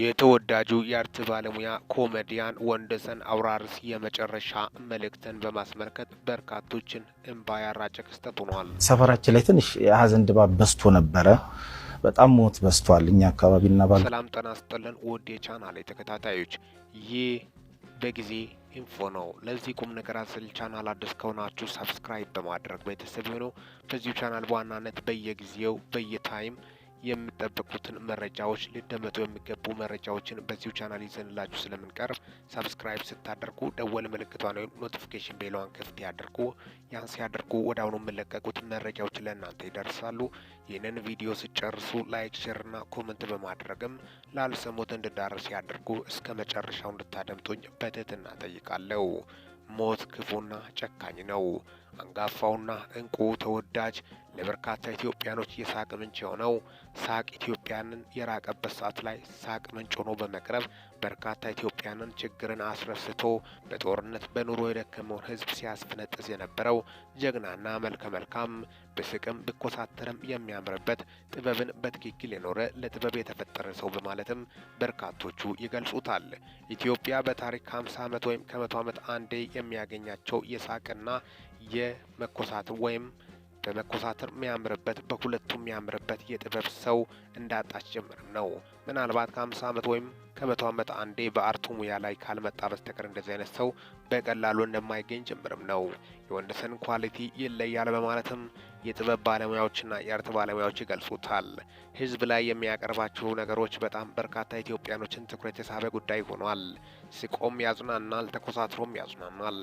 የተወዳጁ የአርት ባለሙያ ኮሜዲያን ወንደሰን አውራርስ የመጨረሻ መልእክትን በማስመልከት በርካቶችን እንባ ያራጨ ክስተት ሆኗል። ሰፈራችን ላይ ትንሽ የሀዘን ድባብ በዝቶ ነበረ። በጣም ሞት በዝቷል እኛ አካባቢ እና ባል ሰላም ጠና ስጠለን ውድ የቻናሌ ተከታታዮች ይህ በጊዜ ኢንፎ ነው። ለዚህ ቁም ነገር አዘል ቻናል አዲስ ከሆናችሁ ሰብስክራይብ በማድረግ ቤተሰብ የሆነው በዚሁ ቻናል በዋናነት በየጊዜው በየታይም የምጠብቁትን መረጃዎች ሊደመጡ የሚገቡ መረጃዎችን በዚሁ ቻናል ይዘንላችሁ ስለምንቀርብ ሰብስክራይብ ስታደርጉ ደወል ምልክቷን ወይም ኖቲፊኬሽን ቤሏን ክፍት ያድርጉ። ያን ሲያደርጉ ወደ አሁኑ የምለቀቁት መረጃዎች ለእናንተ ይደርሳሉ። ይህንን ቪዲዮ ስጨርሱ ላይክ፣ ና ኮመንት በማድረግም ላልሰሙት እንድዳረስ ያድርጉ። እስከ መጨረሻው እንድታደምጡኝ በትህትና ጠይቃለሁ። ሞት ክፉና ጨካኝ ነው። አንጋፋውና እንቁ ተወዳጅ ለበርካታ ኢትዮጵያኖች የሳቅ ምንጭ የሆነው ሳቅ ኢትዮጵያንን የራቀበት ሰዓት ላይ ሳቅ ምንጭ ሆኖ በመቅረብ በርካታ ኢትዮጵያንን ችግርን አስረስቶ በጦርነት በኑሮ የደከመውን ሕዝብ ሲያስፈነጥዝ የነበረው ጀግናና መልከ መልካም ብስቅም ብኮሳተርም የሚያምርበት ጥበብን በትክክል የኖረ ለጥበብ የተፈጠረ ሰው በማለትም በርካቶቹ ይገልጹታል። ኢትዮጵያ በታሪክ ከ50 ዓመት ወይም ከመቶ ዓመት አንዴ የሚያገኛቸው የሳቅና የመኮሳትር ወይም በመኮሳተር የሚያምርበት በሁለቱ የሚያምርበት የጥበብ ሰው እንዳጣች ጀምር ነው። ምናልባት ከ50 ዓመት ወይም ከመቶ ዓመት አንዴ በአርቱ ሙያ ላይ ካልመጣ በስተቀር እንደዚህ አይነት ሰው በቀላሉ እንደማይገኝ ጭምርም ነው። የወንደሰን ኳሊቲ ይለያል በማለትም የጥበብ ባለሙያዎችና የአርት ባለሙያዎች ይገልጹታል። ህዝብ ላይ የሚያቀርባቸው ነገሮች በጣም በርካታ ኢትዮጵያኖችን ትኩረት የሳበ ጉዳይ ሆኗል። ስቆም ያጽናናል፣ ተኮሳትሮም ያጽናናል።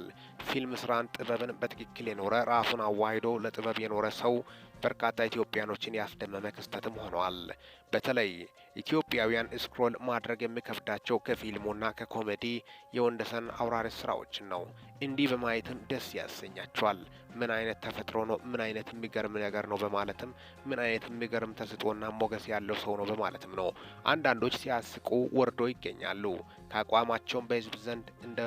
ፊልም ስራን፣ ጥበብን በትክክል የኖረ ራሱን አዋሂዶ ለጥበብ የኖረ ሰው በርካታ ኢትዮጵያኖችን ያስደመመ ክስተትም ሆነዋል። በተለይ ኢትዮጵያውያን ስክሮል ማድረግ የሚከብዳቸው ከፊልሙና ከኮሜዲ የወንደሰን አውራሪስ ስራዎችን ነው። እንዲህ በማየትም ደስ ያሰኛቸዋል። ምን አይነት ተፈጥሮ ነው፣ ምን አይነት የሚገርም ነገር ነው በማለትም ምን አይነት የሚገርም ተስጦና ሞገስ ያለው ሰው ነው በማለትም ነው አንዳንዶች ሲያስቁ ወርዶ ይገኛሉ። ከአቋማቸውም በህዝብ ዘንድ እንደ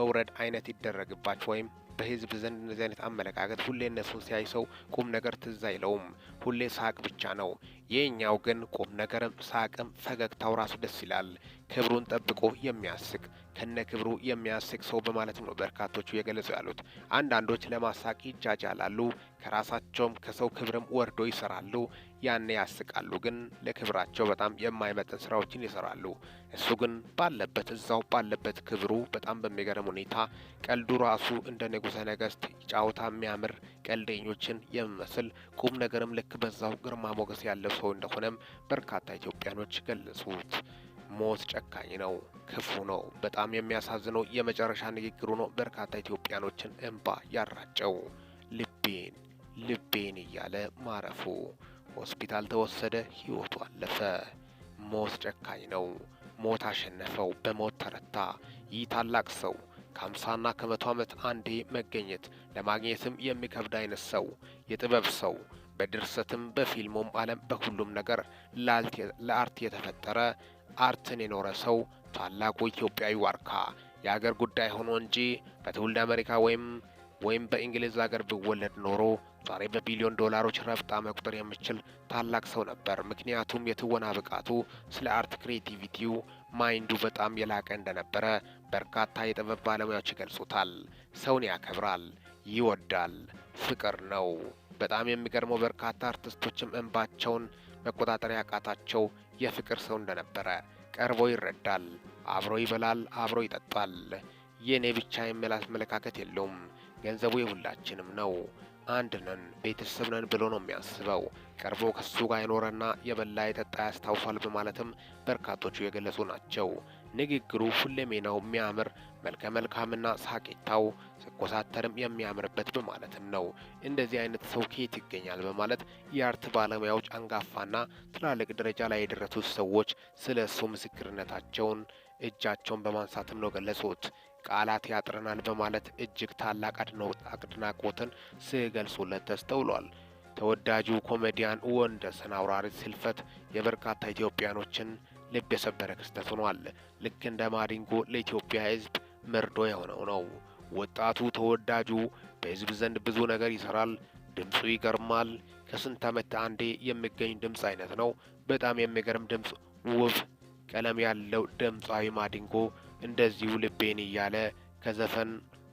መውረድ አይነት ይደረግባቸው ወይም በህዝብ ዘንድ እንደዚህ አይነት አመለካከት ሁሌ እነሱን ሲያይ ሰው ቁም ነገር ትዝ አይለውም። ሁሌ ሳቅ ብቻ ነው። የኛው ግን ቁም ነገርም ሳቅም ፈገግታው ራሱ ደስ ይላል። ክብሩን ጠብቆ የሚያስቅ ከነ ክብሩ የሚያስቅ ሰው በማለት ነው በርካቶቹ የገለጹ ያሉት። አንዳንዶች ለማሳቅ ይጃጃላሉ፣ ከራሳቸውም ከሰው ክብርም ወርዶ ይሰራሉ። ያኔ ያስቃሉ፣ ግን ለክብራቸው በጣም የማይመጥን ስራዎችን ይሰራሉ። እሱ ግን ባለበት እዛው ባለበት ክብሩ በጣም በሚገርም ሁኔታ ቀልዱ ራሱ እንደ ንጉሠ ነገሥት ጫወታ የሚያምር ቀልደኞችን የሚመስል ቁም ነገርም ልክ በዛው ግርማ ሞገስ ያለው ሰው እንደሆነም በርካታ ኢትዮጵያኖች ገለጹት። ሞት ጨካኝ ነው፣ ክፉ ነው። በጣም የሚያሳዝነው የመጨረሻ ንግግሩ ነው። በርካታ ኢትዮጵያኖችን እንባ ያራጨው ልቤን ልቤን እያለ ማረፉ። ሆስፒታል ተወሰደ፣ ህይወቱ አለፈ። ሞት ጨካኝ ነው። ሞት አሸነፈው፣ በሞት ተረታ። ይህ ታላቅ ሰው ከአምሳና ከመቶ ዓመት አንዴ መገኘት ለማግኘትም የሚከብድ አይነት ሰው፣ የጥበብ ሰው በድርሰትም በፊልሙም ዓለም በሁሉም ነገር ለአርት የተፈጠረ አርትን የኖረ ሰው ታላቁ ኢትዮጵያዊ ዋርካ የአገር ጉዳይ ሆኖ እንጂ በትውልድ አሜሪካ ወይም ወይም በእንግሊዝ ሀገር ቢወለድ ኖሮ ዛሬ በቢሊዮን ዶላሮች ረፍጣ መቁጠር የሚችል ታላቅ ሰው ነበር። ምክንያቱም የትወና ብቃቱ ስለ አርት ክሬቲቪቲው ማይንዱ በጣም የላቀ እንደነበረ በርካታ የጥበብ ባለሙያዎች ይገልጹታል። ሰውን ያከብራል፣ ይወዳል፣ ፍቅር ነው። በጣም የሚገርመው በርካታ አርቲስቶችም እንባቸውን መቆጣጠር ያቃታቸው የፍቅር ሰው እንደነበረ ቀርቦ ይረዳል። አብሮ ይበላል፣ አብሮ ይጠጣል። የእኔ ብቻ የሚል አመለካከት የለውም። ገንዘቡ የሁላችንም ነው፣ አንድ ነን፣ ቤተሰብ ነን ብሎ ነው የሚያስበው። ቀርቦ ከሱ ጋር የኖረና የበላ የጠጣ ያስታውሷል በማለትም በርካቶቹ የገለጹ ናቸው። ንግግሩ ሁለሜናው የሚያምር መልከ መልካምና ሳቂታው ስኮሳተርም የሚያምርበት በማለትም ነው። እንደዚህ አይነት ሰው ከየት ይገኛል በማለት የአርት ባለሙያዎች፣ አንጋፋና ትላልቅ ደረጃ ላይ የደረሱት ሰዎች ስለ እሱ ምስክርነታቸውን እጃቸውን በማንሳትም ነው ገለጹት። ቃላት ያጥረናል በማለት እጅግ ታላቅ አድናቆትን ሲገልጹለት ተስተውሏል። ተወዳጁ ኮሜዲያን ወንደሰን አውራሪስ ሕልፈት የበርካታ ኢትዮጵያኖችን ልብ የሰበረ ክስተት ሆኗል። ልክ እንደ ማዲንጎ ለኢትዮጵያ ሕዝብ መርዶ የሆነው ነው። ወጣቱ ተወዳጁ በሕዝብ ዘንድ ብዙ ነገር ይሰራል። ድምፁ ይገርማል። ከስንት ዓመት አንዴ የሚገኝ ድምፅ አይነት ነው። በጣም የሚገርም ድምፅ፣ ውብ ቀለም ያለው ድምፃዊ ማዲንጎ እንደዚሁ ልቤን እያለ ከዘፈን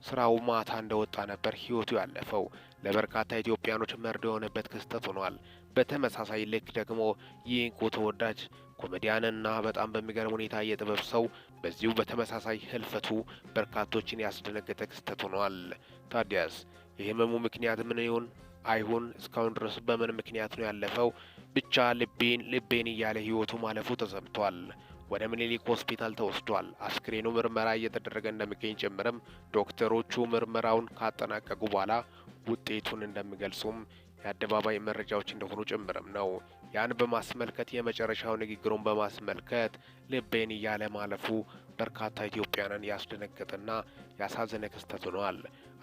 ስራው ማታ እንደወጣ ነበር ህይወቱ ያለፈው። ለበርካታ ኢትዮጵያኖች መርዶ የሆነበት ክስተት ሆኗል። በተመሳሳይ ልክ ደግሞ የኢንኮ ተወዳጅ ኮሜዲያንና በጣም በሚገርም ሁኔታ የጥበብ ሰው በዚሁ በተመሳሳይ ህልፈቱ በርካቶችን ያስደነገጠ ክስተት ሆኗል። ታዲያስ የህመሙ ምክንያት ምን ይሁን አይሁን እስካሁን ድረስ በምን ምክንያት ነው ያለፈው? ብቻ ልቤን ልቤን እያለ ህይወቱ ማለፉ ተሰምቷል። ወደ ምኒልክ ሆስፒታል ተወስዷል። አስክሬኑ ምርመራ እየተደረገ እንደሚገኝ ጭምርም ዶክተሮቹ ምርመራውን ካጠናቀቁ በኋላ ውጤቱን እንደሚገልጹም የአደባባይ መረጃዎች እንደሆኑ ጭምርም ነው። ያን በማስመልከት የመጨረሻው ንግግሩን በማስመልከት ልቤን እያለ ማለፉ በርካታ ኢትዮጵያንን ያስደነገጠና ያሳዘነ ክስተት ሆኗል።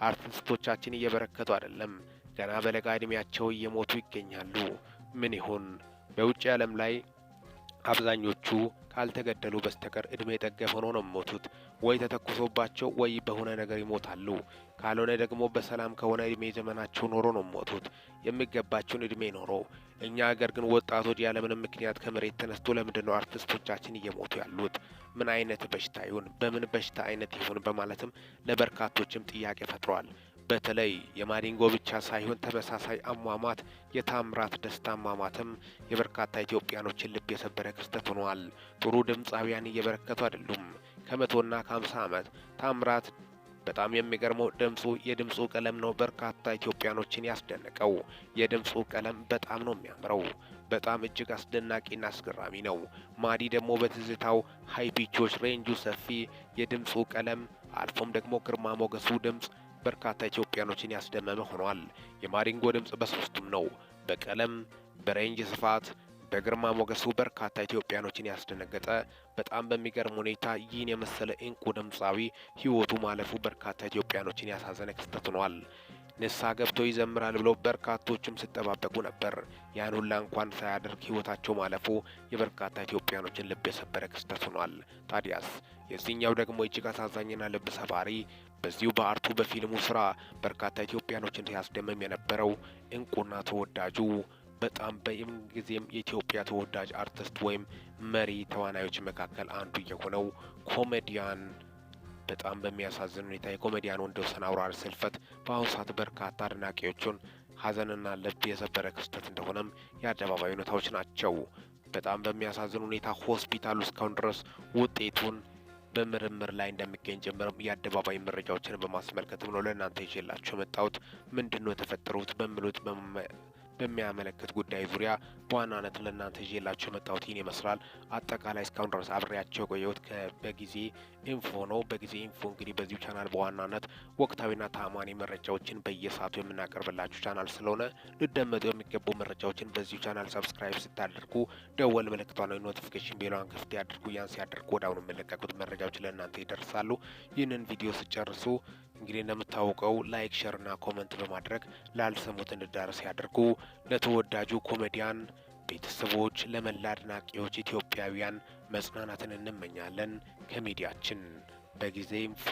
አርቲስቶቻችን እየበረከቱ አይደለም፣ ገና በለጋ ዕድሜያቸው እየሞቱ ይገኛሉ። ምን ይሆን በውጭ ዓለም ላይ አብዛኞቹ ካልተገደሉ በስተቀር እድሜ ጠገብ ሆኖ ነው የሚሞቱት። ወይ ተተኩሶባቸው ወይ በሆነ ነገር ይሞታሉ። ካልሆነ ደግሞ በሰላም ከሆነ እድሜ ዘመናቸው ኖሮ ነው የሚሞቱት፣ የሚገባቸውን እድሜ ኖሮ። እኛ ሀገር ግን ወጣቶች ያለምንም ምክንያት ከመሬት ተነስቶ ለምንድን ነው አርቲስቶቻችን እየሞቱ ያሉት? ምን አይነት በሽታ ይሁን፣ በምን በሽታ አይነት ይሁን በማለትም ለበርካቶችም ጥያቄ ፈጥሯል በተለይ የማዲንጎ ብቻ ሳይሆን ተመሳሳይ አሟሟት የታምራት ደስታ አሟሟትም የበርካታ ኢትዮጵያኖችን ልብ የሰበረ ክስተት ሆኗል። ጥሩ ድምፃውያን እየበረከቱ አይደሉም። ከመቶና ከሀምሳ ዓመት ታምራት በጣም የሚገርመው ድምፁ የድምፁ ቀለም ነው። በርካታ ኢትዮጵያኖችን ያስደነቀው የድምፁ ቀለም በጣም ነው የሚያምረው። በጣም እጅግ አስደናቂና አስገራሚ ነው። ማዲ ደግሞ በትዝታው ሀይ ፒቾች፣ ሬንጁ ሰፊ፣ የድምፁ ቀለም አልፎም ደግሞ ግርማ ሞገሱ ድምፅ በርካታ ኢትዮጵያኖችን ያስደመመ ሆኗል። የማሪንጎ ድምፅ በሶስቱም ነው። በቀለም፣ በሬንጅ ስፋት፣ በግርማ ሞገሱ በርካታ ኢትዮጵያኖችን ያስደነገጠ በጣም በሚገርም ሁኔታ ይህን የመሰለ እንቁ ድምፃዊ ሕይወቱ ማለፉ በርካታ ኢትዮጵያኖችን ያሳዘነ ክስተት ሆኗል። ንስሐ ገብቶ ይዘምራል ብለው በርካቶችም ሲጠባበቁ ነበር። ያን ሁላ እንኳን ሳያደርግ ህይወታቸው ማለፉ የበርካታ ኢትዮጵያኖችን ልብ የሰበረ ክስተት ሆኗል። ታዲያስ የዚህኛው ደግሞ እጅግ አሳዛኝና ልብ ሰባሪ በዚሁ በአርቱ በፊልሙ ስራ በርካታ ኢትዮጵያኖችን ሲያስደምም የነበረው እንቁና ተወዳጁ በጣም ጊዜም የኢትዮጵያ ተወዳጅ አርቲስት ወይም መሪ ተዋናዮች መካከል አንዱ የሆነው ኮሜዲያን በጣም በሚያሳዝን ሁኔታ የኮሜዲያን ወንደወሰን አውራር ስልፈት በአሁኑ ሰዓት በርካታ አድናቂዎቹን ሀዘንና ልብ የሰበረ ክስተት እንደሆነም የአደባባይ ሁኔታዎች ናቸው። በጣም በሚያሳዝን ሁኔታ ሆስፒታሉ እስካሁን ድረስ ውጤቱን በምርምር ላይ እንደሚገኝ ጀምረም የአደባባይ መረጃዎችን በማስመልከትም ነው ለእናንተ ይዤላችሁ መጣሁት። ምንድን ነው የተፈጠሩት በሚሉት በሚያመለክት ጉዳይ ዙሪያ በዋናነት ለእናንተ ይዤላችሁ የመጣሁት ይህን ይመስላል። አጠቃላይ እስካሁን ድረስ አብሬያቸው የቆየሁት በጊዜ ኢንፎ ነው። በጊዜ ኢንፎ እንግዲህ በዚሁ ቻናል በዋናነት ወቅታዊና ታማኒ መረጃዎችን በየሰዓቱ የምናቀርብላችሁ ቻናል ስለሆነ ልደመጡ የሚገቡ መረጃዎችን በዚሁ ቻናል ሰብስክራይብ ስታደርጉ ደወል ምልክቷን ኖቲፊኬሽን ቤሏን ክፍት ያድርጉ። ያን ሲያደርጉ ወደ አሁኑ የሚለቀቁት መረጃዎች ለእናንተ ይደርሳሉ። ይህንን ቪዲዮ ስጨርሱ እንግዲህ እንደምታውቀው ላይክ፣ ሸር ና ኮመንት በማድረግ ላልሰሙት እንዲዳረስ ያደርጉ። ለተወዳጁ ኮሜዲያን ቤተሰቦች፣ ለመላ አድናቂዎች ኢትዮጵያውያን መጽናናትን እንመኛለን። ከሚዲያችን በጊዜ ኢንፎ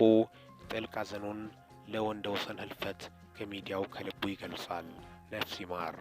ጥልቅ ሐዘኑን ወሰን ህልፈት ከሚዲያው ከልቡ ይገልጻል። ነፍስ ይማር።